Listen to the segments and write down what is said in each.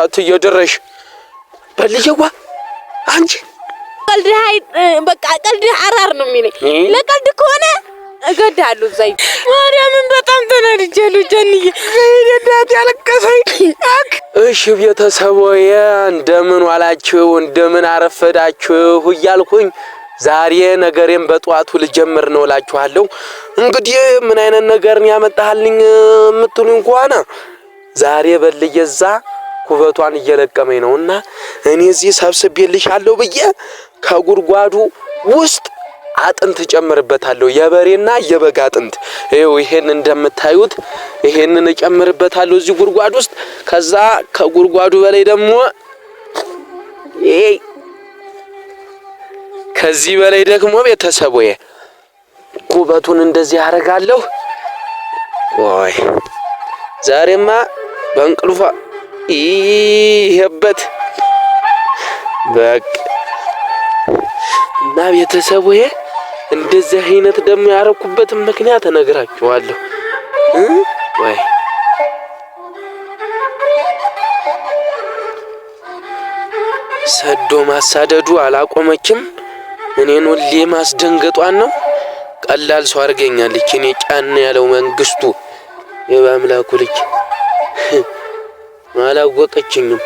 ሰዓት እየደረሽ በልየዋ አንቺ ቀልድ ሀይ በቃ ቀልድ አራር ነው የሚለኝ። ለቀልድ ከሆነ እገድሃለሁ። ዘይ ማርያምን በጣም ተናድጃለሁ ጀንዬ። ዘይደዳት ያለቀሰኝ አክ እሺ፣ ቤተሰቦዬ እንደምን ዋላችሁ እንደምን አረፈዳችሁ እያልኩኝ ዛሬ ነገሬን በጠዋቱ ልጀምር ነው እላችኋለሁ። እንግዲህ ምን አይነት ነገርን ያመጣህልኝ የምትሉኝ ከሆነ ዛሬ በልየዛ ኩበቷን እየለቀመኝ እና እኔ እዚህ ሰብስቤልሻለሁ ብዬ ከጉድጓዱ ውስጥ አጥንት እጨምርበታለሁ። የበሬና የበግ አጥንት ይኸው፣ ይሄን እንደምታዩት ይሄንን እጨምርበታለሁ እዚህ ጉድጓድ ውስጥ። ከዛ ከጉድጓዱ በላይ ደግሞ ከዚህ በላይ ደግሞ ቤተሰቦዬ ኩበቱን እንደዚህ አደርጋለሁ። ወይ ዛሬማ በእንቅልፏ ይሄበት በቅ እና ቤተሰቡ ይሄ እንደዚህ አይነት ደግሞ ያረኩበትን ምክንያት እነግራችኋለሁ ወይ ሰዶ ማሳደዱ አላቆመችም። እኔን ሁሌ ማስደንገጧን ነው። ቀላል ሰው አድርገኛለች። እኔ ጫን ያለው መንግስቱ የባምላኩ ልጅ አላወቀችኝም።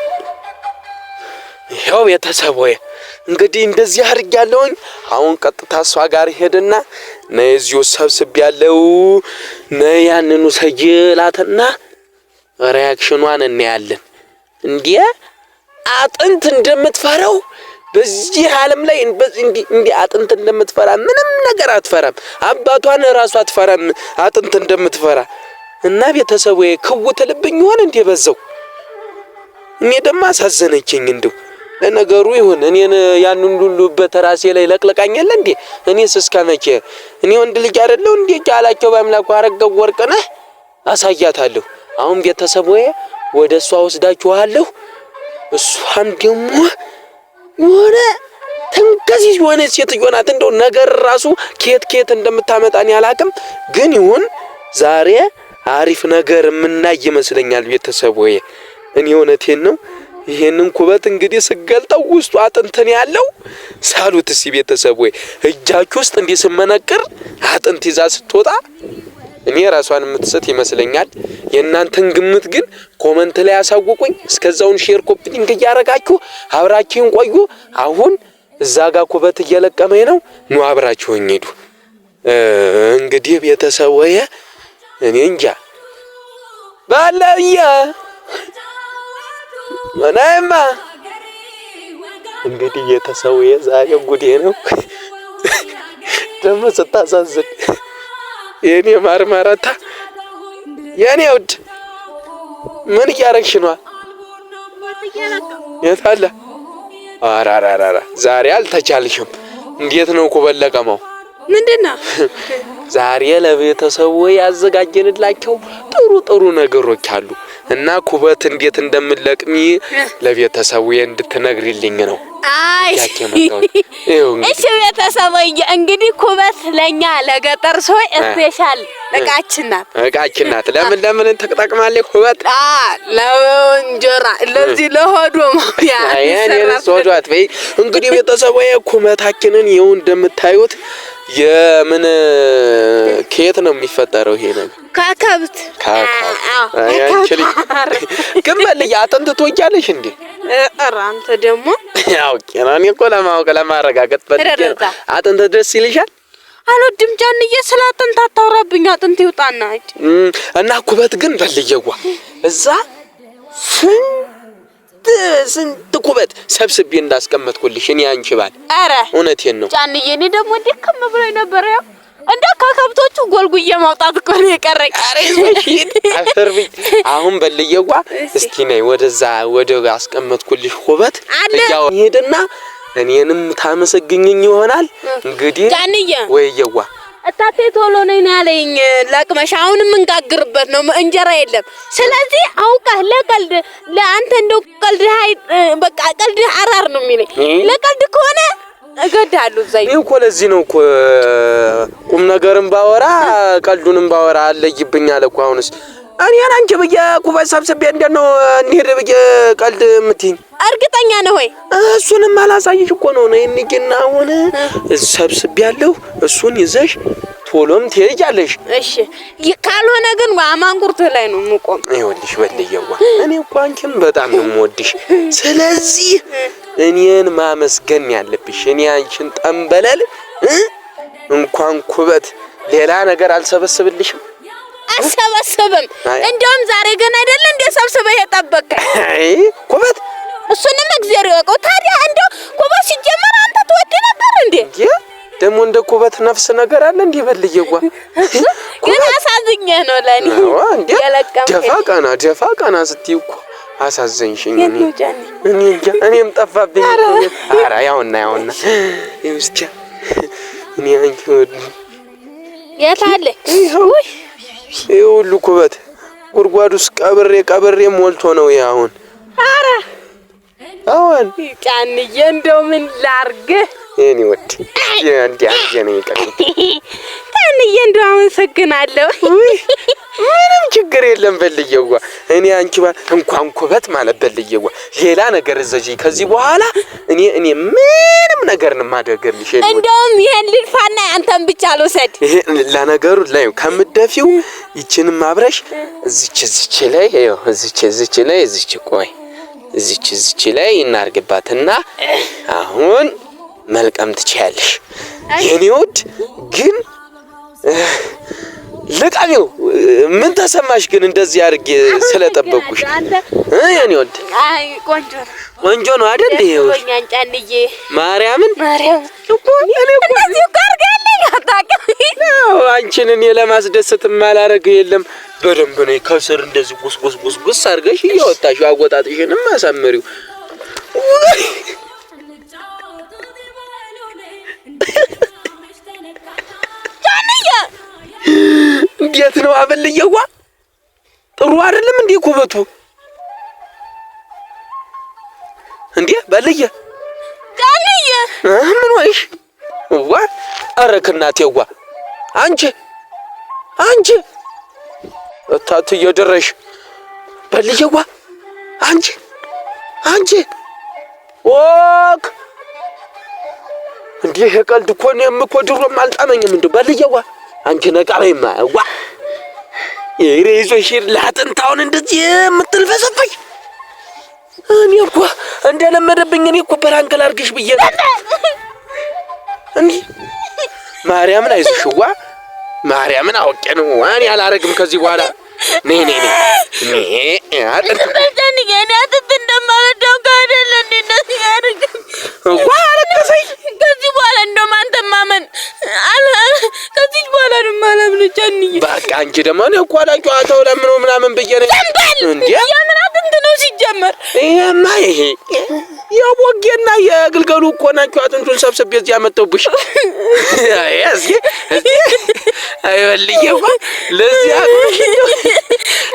ይኸው ቤተሰብ ወይ እንግዲህ እንደዚህ አድርግ ያለውኝ። አሁን ቀጥታ እሷ ጋር ሄድና ነይ እዚሁ ሰብስብ ያለው ነይ ያንኑ ሰጅላትና ሪያክሽኗን እናያለን። እንዲህ አጥንት እንደምትፈራው በዚህ ዓለም ላይ እንዲህ አጥንት እንደምትፈራ ምንም ነገር አትፈራም። አባቷን ራሷ አትፈራም አጥንት እንደምትፈራ እና ቤተሰብ ወይ ክው ትልብኝ ይሆን እንዲህ በዛው እኔ ደማ አሳዘነችኝ። እንደው ነገሩ ይሁን እኔን ያንን ሁሉ በተራሴ ላይ ለቅለቃኛለ እንዴ? እኔስ እስከ መቼ? እኔ ወንድ ልጅ አይደለሁ እንዴ? ቻላቸው በአምላኩ አረገው ወርቅነህ አሳያታለሁ። አሁን ቤተሰቦዬ ወደ እሷ ወስዳችኋለሁ። እሷም ደግሞ የሆነ ተንከሲስ የሆነ ሴትዮ ናት። እንደው ነገር ራሱ ኬት ኬት እንደምታመጣን ያላቅም፣ ግን ይሁን ዛሬ አሪፍ ነገር የምናይ ይመስለኛል ቤተሰቦዬ። እኔ እውነቴን ነው። ይሄንን ኩበት እንግዲህ ስገልጠው ውስጡ አጥንትን ያለው ሳሉት እስኪ ቤተሰብ ወይ እጃችሁ ውስጥ እንዲህ ስመነቅር አጥንት ይዛ ስትወጣ እኔ ራሷን የምትስት ይመስለኛል። የእናንተን ግምት ግን ኮመንት ላይ አሳውቁኝ እስከዛውን ሼር ኮፒንግ እያረጋችሁ አብራችሁን ቆዩ። አሁን እዛ ጋር ኩበት እየለቀመኝ ነው። ኑ አብራችሁኝ ሄዱ። እንግዲህ ቤተሰብ ወይ እኔ እንጃ ባለየ ምናይማ እንግዲህ የተሰው የዛሬ ጉዴ ነው ደግሞ ስታሳዝን የኔ ማርማራታ የኔ ውድ ምን እያረግሽ ነው? የታለ አራራራ ዛሬ አልተቻልሽም። እንዴት ነው ኩበለቀመው? ምንድነው ዛሬ ለቤተሰቡ ያዘጋጀንላቸው ጥሩ ጥሩ ነገሮች አሉ። እና ኩበት እንዴት እንደምለቅሚ ለቤተሰቡ እንድትነግሪልኝ ነው። እሺ ቤተሰብ እንግዲህ ኩበት ለኛ ለገጠር ሰው እስፔሻል እቃችን ናት፣ እቃችን ናት። ለምን ለምን ተጠቅማለች ኩበት? ለእንጀራ ለዚህ ለሆዶ ማያ በይ እንግዲህ ቤተሰብ ኩበታችንን ይኸው እንደምታዩት የምን ከየት ነው የሚፈጠረው ይሄ ነገር? ከከብት ከከብት ግን መልያ አጥንት ትወጃለሽ እንዴ? ኧረ አንተ ደግሞ አውቄ ነው። እኔ እኮ ለማወቅ ለማረጋገጥ ፈልጌ ነው። አጥንት ደስ ይልሻል? አልወድም ጃንዬ፣ ስለ አጥንት አታውራብኝ። አጥንት ይውጣና እና ኩበት ግን በልየዋ እዛ ስንት ኩበት ሰብስቤ እንዳስቀመጥኩልሽ እኔ አንቺ ባል። ኧረ እውነቴን ነው ጃንዬ፣ እኔ ደግሞ ደከም ብሎኝ ነበር ያው እንደ ከከብቶቹ ጎልጉዬ ማውጣት እኮ ነው የቀረኝ። አሁን በልየዋ እስኪ ነይ ወደዛ ወደ አስቀመጥኩልሽ ውበት እያው ሄድና እኔንም ታመሰግኝኝ ይሆናል እንግዲህ ዳንዬ ወይ የዋ እታቴ ቶሎ ነኝ ያለኝ። ለቅመሽ አሁን የምንጋግርበት ነው እንጀራ የለም። ስለዚህ አውቀህ ለቀልድ ለአንተ እንደው ቀልድ ሃይ በቃ ቀልድ አራር ነው የሚለኝ ለቀልድ ከሆነ እገድሃለሁ። እዛ እኔ እኮ ለዚህ ነው እኮ ቁም ነገርም ባወራ ቀልዱንም ባወራ አለይብኛል እኮ አሁንስ እኔን አንቺ ብዬ ኩባ ሰብስቤ እንዴት ነው እንሂድ ብዬ ቀልድ የምትይኝ? እርግጠኛ ነህ ወይ? እሱንም አላሳይሽ እኮ ነው ነው እንግና አሁን ሰብስቤ ያለሁ እሱን ይዘሽ ቶሎም ትሄጃለሽ። እሺ፣ ካልሆነ ግን አማንቁርት ላይ ነው የምቆም። ይኸውልሽ በልየዋ እኔ እኮ አንቺን በጣም ነው የምወድሽ። ስለዚህ እኔን ማመስገን ያለብሽ እኔ አንቺን ጠንበለል እንኳን ኩበት ሌላ ነገር አልሰበስብልሽም። አልሰበስብም። እንደውም ዛሬ ግን አይደለ እንደ ሰብስበህ የጠበቅከኝ ኩበት። እሱንም እግዚአብሔር ይወቀው። ታዲያ እንደው ኩበት ሲጀመር አንተ ትወድ ነበር እንዴ? ደግሞ እንደ ኩበት ነፍስ ነገር አለ እንዴ? በልየጓ ግን አሳዝኜ ነው ለኔ ደፋ ቀና ደፋ ቀና ስትይ እኮ አሳዘንሽኝ። እኔ እኔም ጠፋብኝ። ኧረ ያውና ያውና ይውስቻ እኔ አንቺ የት አለ ይሄ ሁሉ ኩበት ጉድጓድ ውስጥ ቀብሬ ቀብሬ ሞልቶ ነው ይሄ አሁን። ኧረ አሁን ጫንዬ እንደው ምን ላርግ የኔ ወድ እንዲያ ነው ይቀጥ ሀንዬ እንደው አመሰግናለሁ። ምንም ችግር የለም በልየዋ። እኔ አንቺ ባል እንኳን ኩበት ማለት በልየዋ፣ ሌላ ነገር እዘጂ። ከዚህ በኋላ እኔ እኔ ምንም ነገር ማደርገልሽ። እንደውም ይሄን ልልፋና አንተን ብቻ ልውሰድ። ይሄ ለነገሩ ላይ ከምትደፊው ይችንም ማብረሽ እዚች እዚች ላይ ይኸው እዚች እዚች ላይ እዚች ቆይ እዚች እዚች ላይ እናርግባትና አሁን መልቀም ትችያለሽ የኔ ውድ ግን ልቃቢው ምን ተሰማሽ ግን እንደዚህ አድርጌ ስለጠበቅኩሽ? የኔ ወድ ቆንጆ ነው ቆንጆ ነው አይደል? ይሄው ጫንዬ ማርያምን ማርያም እኮ እኔ እኮ እንደዚህ ጋርጋለኝ አታውቅም። አንቺን እኔ ለማስደሰት ማላረግ የለም። በደንብ ነው ከስር እንደዚህ ጉስ ጉስ ጉስ ጉስ አድርገሽ እያወጣሽ አወጣጥሽንም አሳምሪው እንዴት ነው አበልየዋ? ጥሩ አይደለም እንዴ ኩበቱ? እንዴ በልየ ዳንየ ምን ወይሽ ዋ ኧረ ከእናቴዋ አንቺ አንቺ እታትዬ ድረሽ በልየዋ አንቺ አንቺ ወክ እንዲህ የቀልድ እኮ እኔም እኮ ድሮም አልጣመኝም። እንደ በልየዋ አንቺ ነቃ ነቃበይማ ዋ የሬዞ ሄድ ለአጥንታውን እንደዚህ የምትልፈሰፈሽ እኔ እኮ እንደለመደብኝ እኔ እኮ በራንከል አድርግሽ ብዬ እንዴ ማርያምን አይዞሽዋ ማርያምን አውቄ ነው እኔ አላረግም ከዚህ በኋላ ኔ ኔ ነይ ነይ አጥንት እንደማበዳው ጋር አይደለ እንደዚህ ያደርግ እንጂ ደግሞ እኔ እኮ አላውቂው አተው ምናምን ብዬ ነው እንዴ? የምን አጥንት ነው ሲጀመር? ይሄማ ይሄ የቦጌና የግልገሉ እኮ ናቸው። አጥንቱን ሰብስቤ እዚህ እስኪ ለዚህ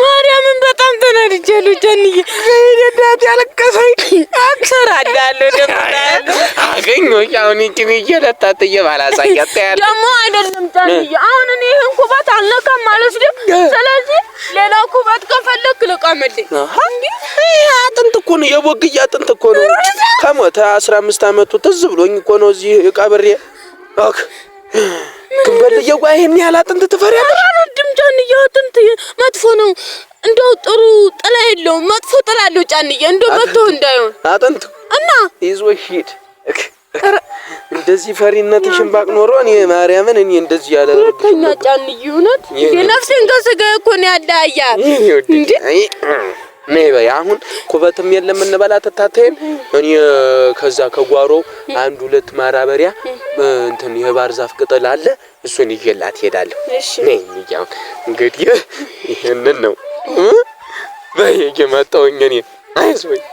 ማርያምን በጣም ተናድጄ ይሄ ያለቀሰኝ አክሰራ አገኘሁሽ። አሁን እንቺን እየለጣጥዬ ባላሳያት ያለ ደግሞ አይደለም። ጣልዬ አሁን እኔ ይህን ኩበት አልነካም ማለት ስለዚህ ሌላ ኩበት ከፈለክ ልቀምልኝ። ይህ አጥንት እኮ ነው፣ የቦግዬ አጥንት እኮ ነው። ከሞተ አስራ አምስት አመቱ ትዝ ብሎኝ እኮ ነው እዚህ ቀብሬ ግንበልዬ። ጓ ይህን ያህል አጥንት ትፈሪያለሽ? አልወድም ጃንዬ፣ አጥንት መጥፎ ነው። እንደው ጥሩ ጥላ የለውም፣ መጥፎ ጥላ አለው። ጫንዬ እንደው መጥቶ እንዳይሆን አጥንቱ እና ይዞ ሂድ እንደዚህ ፈሪነትሽን ባቅ ኖሮ እኔ ማርያምን እኔ እንደዚህ ያለ ሁለተኛ ጫን ይሁነት የነፍሴን ከስጋ እኮ ነው ያዳያ እንዴ ነይ በይ አሁን ኩበትም የለም እንበላ ተታተይም እኔ ከዛ ከጓሮ አንድ ሁለት ማራበሪያ እንትን የባህር ዛፍ ቅጠል አለ እሱን ይዤላት እሄዳለሁ። እሺ እንግዲህ ይህንን ነው በይ እየመጣሁኝ እኔ አይዞኝ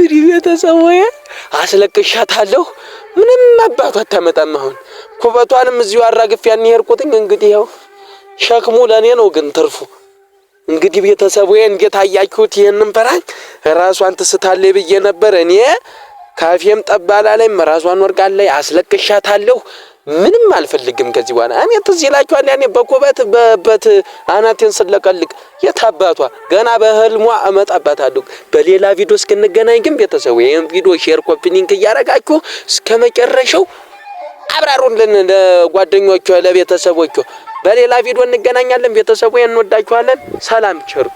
እንግዲህ ቤተሰቦዬ አስለቅሻታለሁ። ምንም አባቷ አታመጣም። አሁን ኩበቷንም እዚሁ አራግፍ ያን የሄድኩትኝ እንግዲህ ያው ሸክሙ ለእኔ ነው፣ ግን ትርፉ እንግዲህ ቤተሰቦዬ እንዴት አያችሁት? ይህንን ፈራኝ ራሷን ትስታለች ብዬ ነበር እኔ ካፌም ጠባላ ላይም ራሷን ወርቃ ላይ አስለቅሻታለሁ። ምንም አልፈልግም ከዚህ በኋላ እኔ ትዝ ይላችኋል ያኔ በኮበት በበት አናቴን ስለቀልቅ የታባቷ ገና በህልሟ እመጣባታለሁ በሌላ ቪዲዮ እስክንገናኝ ግን ቤተሰቡ ይህን ቪዲዮ ሼር ኮፒኒንግ እያረጋችሁ እስከ መጨረሻው አብራሩልን ለጓደኞቹ ለቤተሰቦቹ በሌላ ቪዲዮ እንገናኛለን ቤተሰቡ እንወዳችኋለን ሰላም ቸሩ